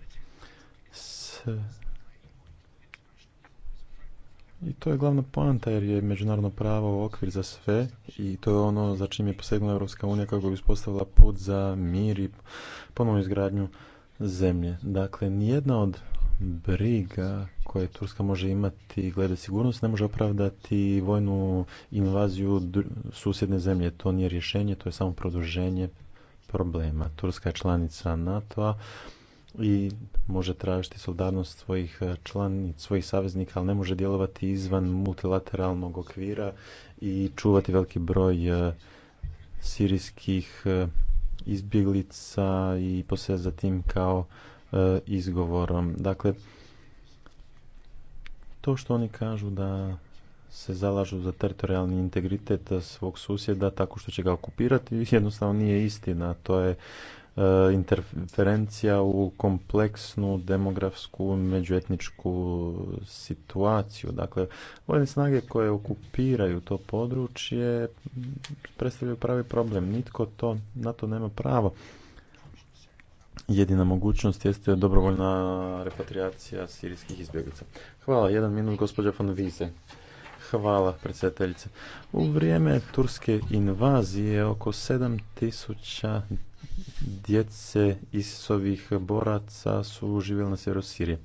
I to je glavna poanta jer je međunarodno pravo okvir za sve i to je ono za čim je posegnula Europska unija kako bi uspostavila put za mir i ponovnu izgradnju zemlje. Dakle, nijedna od briga koje Turska može imati glede sigurnosti ne može opravdati vojnu invaziju susjedne zemlje. To nije rješenje, to je samo produženje problema. Turska je članica NATO-a i može tražiti solidarnost svojih eh, članica, svojih saveznika, ali ne može djelovati izvan multilateralnog okvira i čuvati veliki broj eh, sirijskih eh, izbjeglica i posezati tim kao E, izgovorom. Dakle, to što oni kažu da se zalažu za teritorijalni integritet svog susjeda tako što će ga okupirati, jednostavno nije istina. To je e, interferencija u kompleksnu demografsku međuetničku situaciju. Dakle, vojne snage koje okupiraju to područje predstavljaju pravi problem. Nitko to, na to nema pravo jedina mogućnost jeste dobrovoljna repatriacija sirijskih izbjeglica. Hvala. Jedan minut, gospođa von Vize. Hvala, predsjedateljice. U vrijeme turske invazije oko 7000 djece isovih boraca su živjeli na sjeveru Sirije.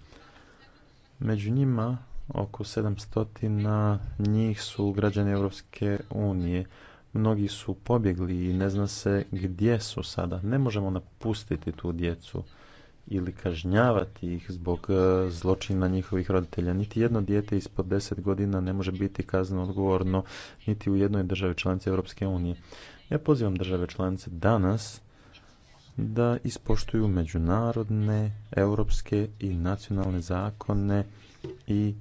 Među njima oko 700 njih su građani Europske unije mnogi su pobjegli i ne zna se gdje su sada. Ne možemo napustiti tu djecu ili kažnjavati ih zbog e, zločina njihovih roditelja. Niti jedno dijete ispod 10 godina ne može biti kazneno odgovorno niti u jednoj državi članici Europske unije. Ja pozivam države članice danas da ispoštuju međunarodne, europske i nacionalne zakone i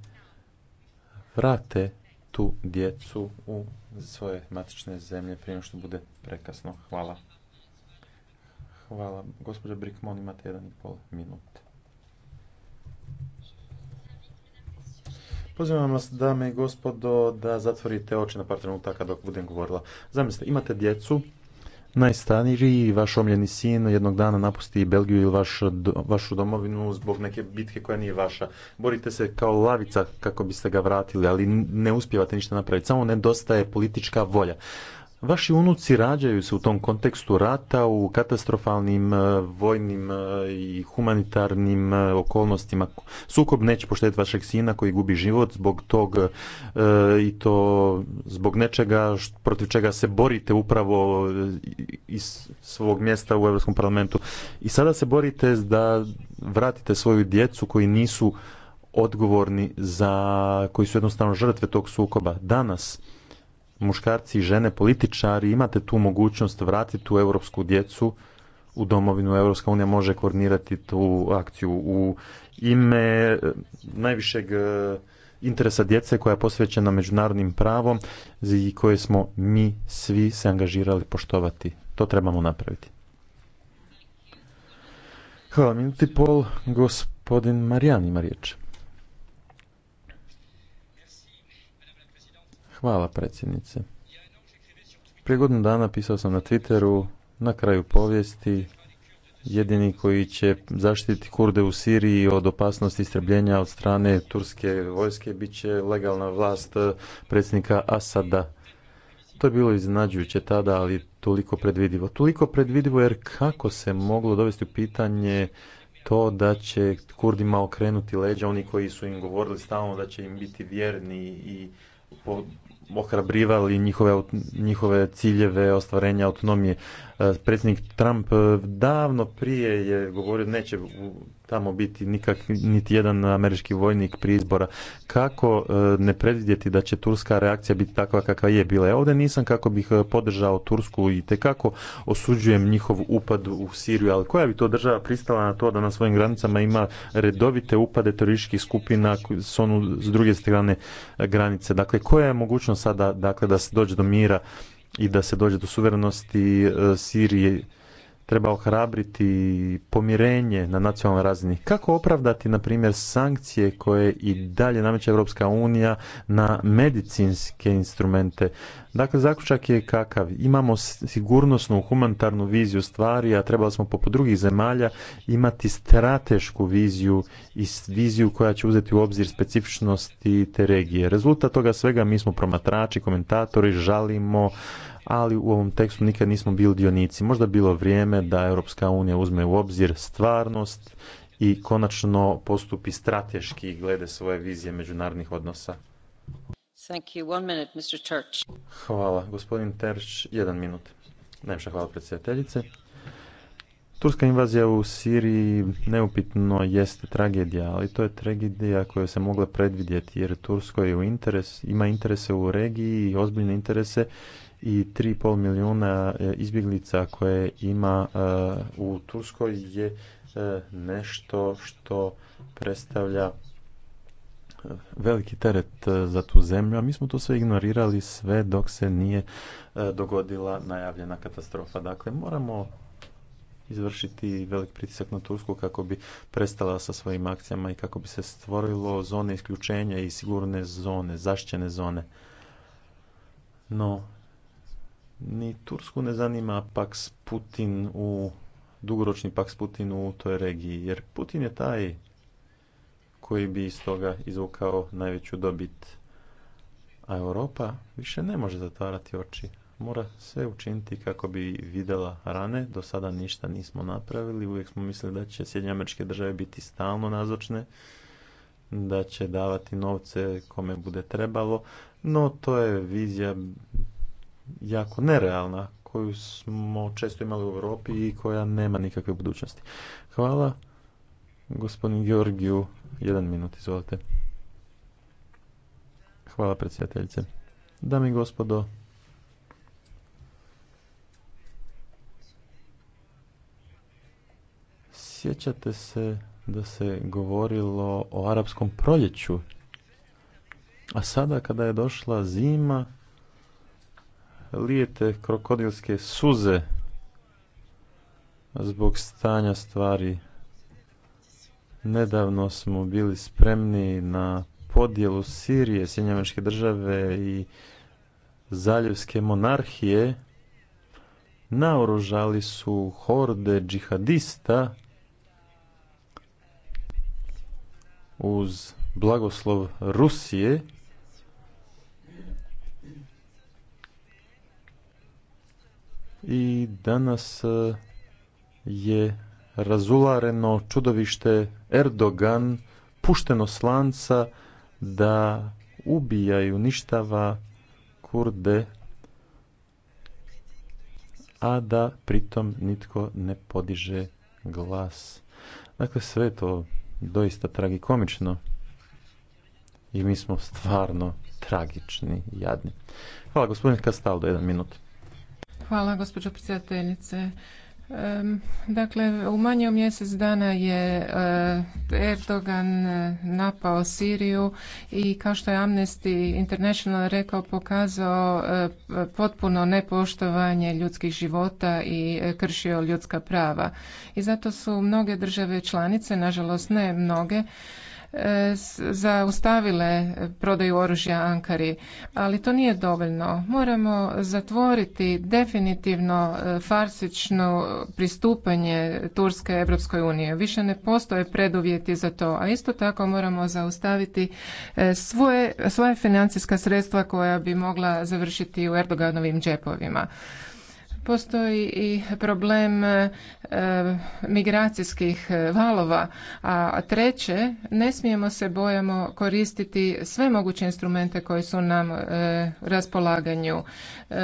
vrate tu djecu u svoje matične zemlje prije što bude prekasno. Hvala. Hvala. Gospođa Brikmon, imate jedan i pol minut. Pozivam vas, dame i gospodo, da zatvorite oči na par trenutaka dok budem govorila. Zamislite, imate djecu najstariji vaš omljeni sin jednog dana napusti Belgiju ili vaš, vašu domovinu zbog neke bitke koja nije vaša. Borite se kao lavica kako biste ga vratili, ali ne uspijevate ništa napraviti. Samo nedostaje politička volja. Vaši unuci rađaju se u tom kontekstu rata u katastrofalnim e, vojnim e, i humanitarnim e, okolnostima. Sukob neće poštediti vašeg sina koji gubi život zbog tog i to zbog nečega protiv čega se borite upravo iz svog mjesta u Europskom parlamentu. I sada se borite da vratite svoju djecu koji nisu odgovorni za koji su jednostavno žrtve tog sukoba. Danas muškarci i žene političari, imate tu mogućnost vratiti tu europsku djecu u domovinu. Evropska unija može koordinirati tu akciju u ime eh, najvišeg eh, interesa djece koja je posvećena međunarodnim pravom i koje smo mi svi se angažirali poštovati. To trebamo napraviti. Hvala, minuti pol. Gospodin Marijan ima riječ. Hvala predsjednice. Prije godinu dana pisao sam na Twitteru na kraju povijesti jedini koji će zaštiti Kurde u Siriji od opasnosti istrebljenja od strane turske vojske bit će legalna vlast eh, predsjednika Asada. To je bilo iznenađujuće tada, ali toliko predvidivo. Toliko predvidivo jer kako se moglo dovesti u pitanje to da će Kurdima okrenuti leđa, oni koji su im govorili stalno da će im biti vjerni i ohrabrivali njihove, njihove ciljeve ostvarenja autonomije. E, predsjednik Trump e, davno prije je govorio neće tamo biti nikak, niti jedan američki vojnik pri izbora. Kako e, ne predvidjeti da će turska reakcija biti takva kakva je bila? Ja ovdje nisam kako bih e, podržao Tursku i te kako osuđujem njihov upad u Siriju, ali koja bi to država pristala na to da na svojim granicama ima redovite upade terorističkih skupina s, onu, s druge strane e, granice? Dakle, koja je mogućnost sada dakle, da se dođe do mira i da se dođe do suverenosti Sirije treba ohrabriti pomirenje na nacionalnoj razini. Kako opravdati, na primjer, sankcije koje i dalje nameće Europska unija na medicinske instrumente? Dakle, zaključak je kakav. Imamo sigurnosnu humanitarnu viziju stvari, a trebali smo poput drugih zemalja imati stratešku viziju i viziju koja će uzeti u obzir specifičnosti te regije. Rezultat toga svega mi smo promatrači, komentatori, žalimo, ali u ovom tekstu nikad nismo bili dionici. Možda bilo vrijeme da Europska unija uzme u obzir stvarnost i konačno postupi strateški glede svoje vizije međunarodnih odnosa. Hvala. Gospodin Terč, jedan minut. Najviše hvala predsjedateljice. Turska invazija u Siriji neupitno jeste tragedija, ali to je tragedija koja se mogla predvidjeti jer Turskoj je u interes, ima interese u regiji i ozbiljne interese i 3,5 milijuna e, izbjeglica koje ima e, u Turskoj je e, nešto što predstavlja veliki teret za tu zemlju, a mi smo to sve ignorirali sve dok se nije dogodila najavljena katastrofa. Dakle, moramo izvršiti velik pritisak na Tursku kako bi prestala sa svojim akcijama i kako bi se stvorilo zone isključenja i sigurne zone, zaštićene zone. No, ni Tursku ne zanima Pax Putin u dugoročni Pax Putin u toj regiji, jer Putin je taj koji bi iz toga izvukao najveću dobit. A Europa više ne može zatvarati oči. Mora sve učiniti kako bi videla rane. Do sada ništa nismo napravili. Uvijek smo mislili da će Sjedinje američke države biti stalno nazočne, da će davati novce kome bude trebalo. No to je vizija jako nerealna koju smo često imali u Europi i koja nema nikakve budućnosti. Hvala gospodin Georgiju. Jedan minut, izvolite. Hvala predsjedateljice. Dame i gospodo, sjećate se da se govorilo o arapskom proljeću, a sada kada je došla zima, lijete krokodilske suze zbog stanja stvari. Nedavno smo bili spremni na podjelu Sirije, Sjedinjavačke države i zaljevske monarhije. Naoružali su horde džihadista uz blagoslov Rusije i danas e, je razulareno čudovište Erdogan pušteno slanca da ubija i uništava kurde a da pritom nitko ne podiže glas. Dakle, sve to doista tragikomično i mi smo stvarno tragični, jadni. Hvala gospodine Kastaldo, jedan minut.
Hvala gospođo predsjedateljice. Dakle, u manje od mjesec dana je e, Erdogan e, napao Siriju i kao što je Amnesty International rekao, pokazao e, potpuno nepoštovanje ljudskih života i kršio ljudska prava. I zato su mnoge države članice, nažalost ne mnoge, E, zaustavile prodaju oružja Ankari, ali to nije dovoljno. Moramo zatvoriti definitivno e, farsično pristupanje Turske Europskoj unije. Više ne postoje preduvjeti za to, a isto tako moramo zaustaviti e, svoje, svoje financijska sredstva koja bi mogla završiti u Erdoganovim džepovima. Postoji i problem e, migracijskih valova, a treće, ne smijemo se bojamo koristiti sve moguće instrumente koji su nam e, raspolaganju. E,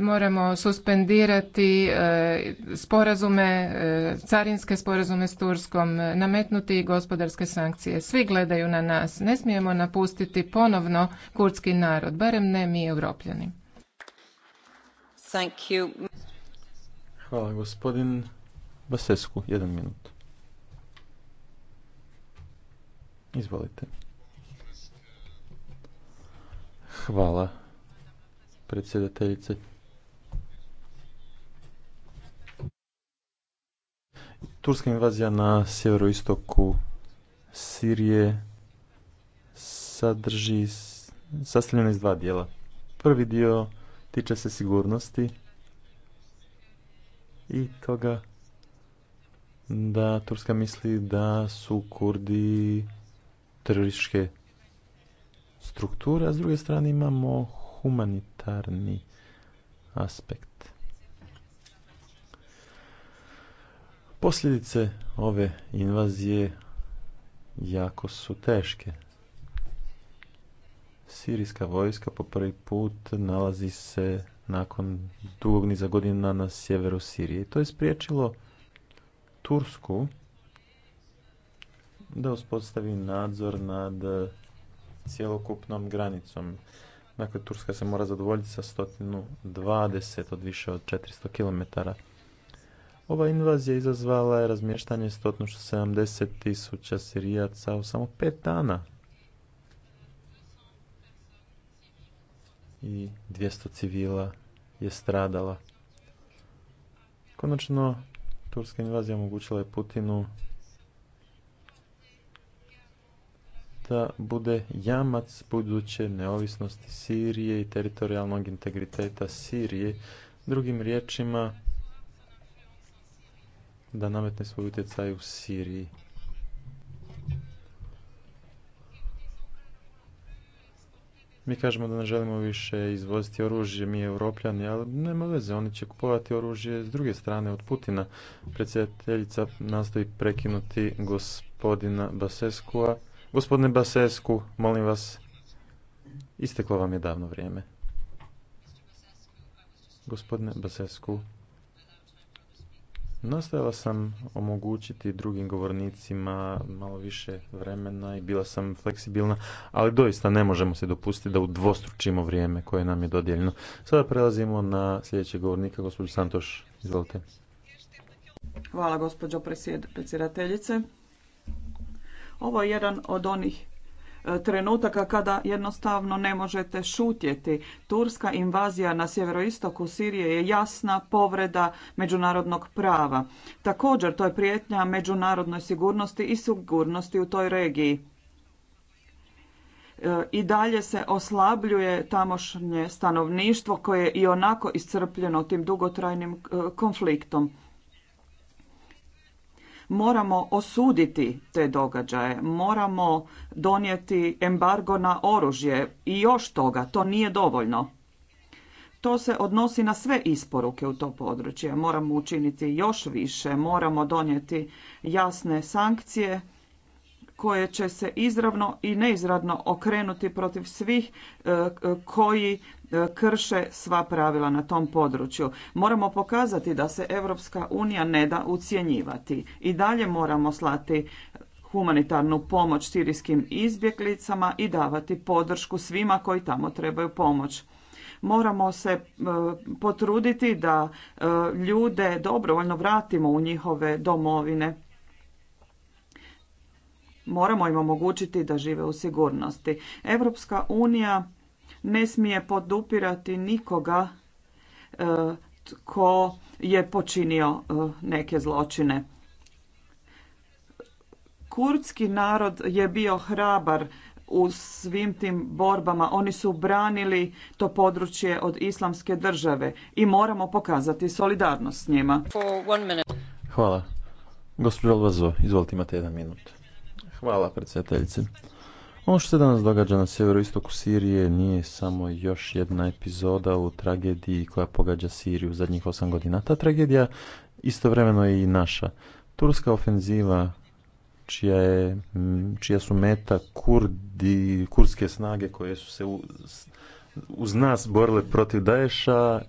moramo suspendirati e, sporazume, carinske sporazume s Turskom, nametnuti gospodarske sankcije. Svi gledaju na nas. Ne smijemo napustiti ponovno kurdski narod, barem ne mi europljani.
Hvala gospodin Basescu, jedan minut. Izvolite. Hvala predsjedateljice. Turska invazija na sjeveroistoku Sirije sadrži sastavljena iz dva dijela. Prvi dio tiče se sigurnosti i toga da Turska misli da su Kurdi terorističke strukture, a s druge strane imamo humanitarni aspekt. Posljedice ove invazije jako su teške. Sirijska vojska po prvi put nalazi se nakon dugog niza godina na sjeveru Sirije. To je spriječilo Tursku da uspostavi nadzor nad cjelokupnom granicom. Dakle, Turska se mora zadovoljiti sa 120 od više od 400 km. Ova invazija izazvala je razmještanje 170 tisuća Sirijaca u samo pet dana. i 200 civila je stradala. Konačno, turska invazija omogućila je Putinu da bude jamac buduće neovisnosti Sirije i teritorijalnog integriteta Sirije. Drugim riječima, da nametne svoj utjecaj u Siriji. Mi kažemo da ne želimo više izvoziti oružje, mi europljani, ali nema veze, oni će kupovati oružje s druge strane od Putina. Predsjedateljica nastoji prekinuti gospodina Baseskua. Gospodine Basesku, molim vas, isteklo vam je davno vrijeme. Gospodine Basesku, Nastojala sam omogućiti drugim govornicima malo više vremena i bila sam fleksibilna, ali doista ne možemo se dopustiti da udvostručimo vrijeme koje nam je dodijeljeno. Sada prelazimo na sljedećeg govornika, gospođo Santoš. Izvolite.
Hvala gospođo predsjedateljice. Ovo je jedan od onih trenutaka kada jednostavno ne možete šutjeti. Turska invazija na sjeveroistoku Sirije je jasna povreda međunarodnog prava. Također to je prijetnja međunarodnoj sigurnosti i sigurnosti u toj regiji e, i dalje se oslabljuje tamošnje stanovništvo koje je i onako iscrpljeno tim dugotrajnim e, konfliktom. Moramo osuditi te događaje, moramo donijeti embargo na oružje i još toga, to nije dovoljno. To se odnosi na sve isporuke u to područje. Moramo učiniti još više, moramo donijeti jasne sankcije koje će se izravno i neizravno okrenuti protiv svih e, koji e, krše sva pravila na tom području. Moramo pokazati da se Europska unija ne da ucjenjivati. I dalje moramo slati humanitarnu pomoć sirijskim izbjeglicama i davati podršku svima koji tamo trebaju pomoć. Moramo se e, potruditi da ljude dobrovoljno vratimo u njihove domovine Moramo im omogućiti da žive u sigurnosti. Europska unija ne smije podupirati nikoga e, tko je počinio e, neke zločine. Kurdski narod je bio hrabar u svim tim borbama. Oni su branili to područje od islamske države i moramo pokazati solidarnost s njima.
Hvala. Gospodin Alvazo, izvolite imate jedan minut. Hvala predsjedateljice. Ono što se danas događa na sjeveroistoku Sirije nije samo još jedna epizoda u tragediji koja pogađa Siriju zadnjih osam godina. Ta tragedija istovremeno je i naša. Turska ofenziva čija, mm, su meta kurdi, kurske snage koje su se uz, uz nas borile protiv Daesha.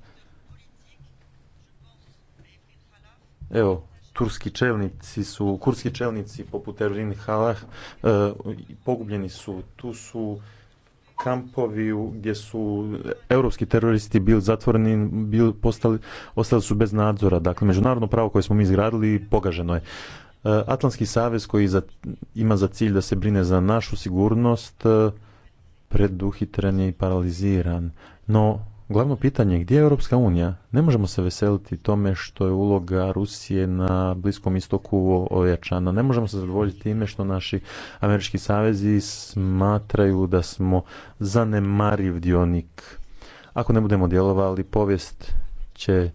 Evo, turski čelnici su, kurski čelnici poput Erin Halah e, pogubljeni su. Tu su kampovi gdje su europski teroristi bili zatvoreni, postali, ostali su bez nadzora. Dakle, međunarodno pravo koje smo mi izgradili pogaženo je. E, Atlantski savez koji ima za cilj da se brine za našu sigurnost e, preduhitren je i paraliziran. No, Glavno pitanje gdje je Europska unija? Ne možemo se veseliti tome što je uloga Rusije na Bliskom istoku ojačana. Ne možemo se zadovoljiti time što naši američki savezi smatraju da smo zanemariv dionik. Ako ne budemo djelovali, povijest će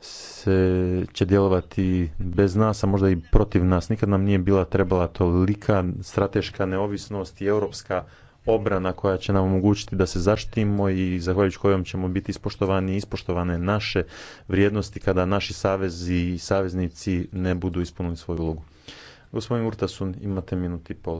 se, će djelovati bez nas, a možda i protiv nas. Nikad nam nije bila trebala tolika strateška neovisnost i europska obrana koja će nam omogućiti da se zaštitimo i zahvaljujući kojom ćemo biti ispoštovani i ispoštovane naše vrijednosti kada naši savezi i saveznici ne budu ispunili svoju ulogu. Gospodin Urtasun, imate minut i